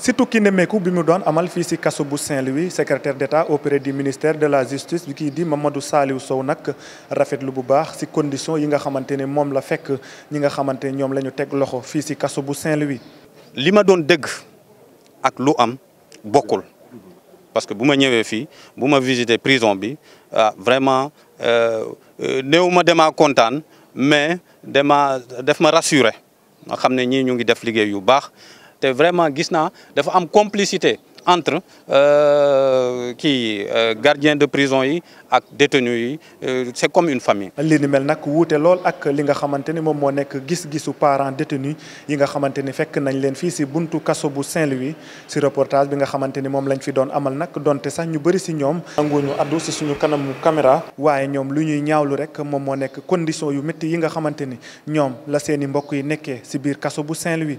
Surtout tukki nemmeeku bi mu doon amal fii si kaso bu Saint-Louis secrétaire d'État auprès du ministère de la justice qui dit :« di Mamadou Saliou Sow Rafet rafetlu bu baax si condition yi nga xamante mom moom la fekk ñi nga xamante ne ñoom la ñu teg loxo fii si kaso bu Saint-Louis. li ma doon ak lu am beaucoup. parce que bu ma ñëwee fii bu visité prison bi ah vraiment euh, néew pas content, kontaan mais dama def ma rassuré nga xam ne ñii ñu ngi def a yu baax te vraiment gis dafa am complicité entre qui euh, euh, gardien de prison yi ak détenu yi euh, c'est comme une famille. li ni mel nak wouté lol ak li nga xamanténi mom mo nek gis-gisu parents détenus yi nga xamanténi fekk nañ leen fi ci buntu kaso bu Saint-Louis ci reportage bi nga xamanténi mom lañ fi doon amal nak donté sax ñu bëri si ñoom. nanguñu addu ci suñu kanamu caméra. waye ñom lu ñuy ñaawlu rek mom mo nek condition yu metti yi nga xamanténi ñom la seen mbokk yi nekké ci biir kaso bu Saint-Louis.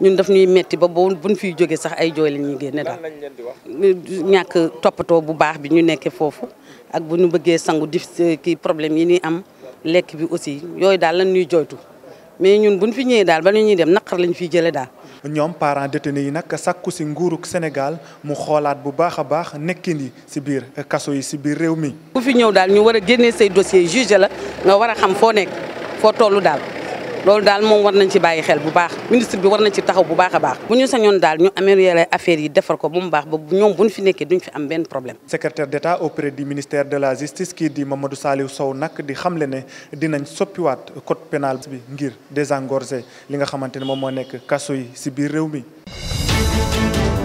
ñun daf ñuy metti ba bu ñu fiy jógee sax ay jooy la génne daal ñàkk toppatoo bu baax bi ñu nekkee foofu ak bu ñu bëggee sangu di eh, kii problème yi nii am lekk bi aussi yooyu daal lan ñuy jooytu mais ñun bu ñu fi ñëwee daal ba ñu ñuy dem naqar lañ fiy jëlee daal ñoom parents détenus yi nag sàkku si nguurug Sénégal mu xoolaat bu baax a baax nekkin yi si biir kaso yi si biir réew mi ku fi ñëw daal ñu war a génnee say dossier juge la nga war a xam foo nekk foo tollu daal loolu daal moom war nañ ci bàyyi xel bu baax ministre bi war nañ ci taxaw bu baax a baax bu ñu sañoon daal ñu améliorer affaire yi defar ko bu mu baax ba ñoom bu ñu fi nekkee duñ fi am benn problème secrétaire d'État auprès du ministère de la justice kii di Mamadou Saliou Sow nag di xamle ne dinañ soppiwaat code pénal bi ngir des désengorger li nga xamante ne moom moo nekk kaso yi si biir réew mi